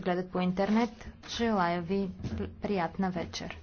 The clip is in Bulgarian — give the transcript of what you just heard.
ще гледат по интернет. Желая ви приятна вечер.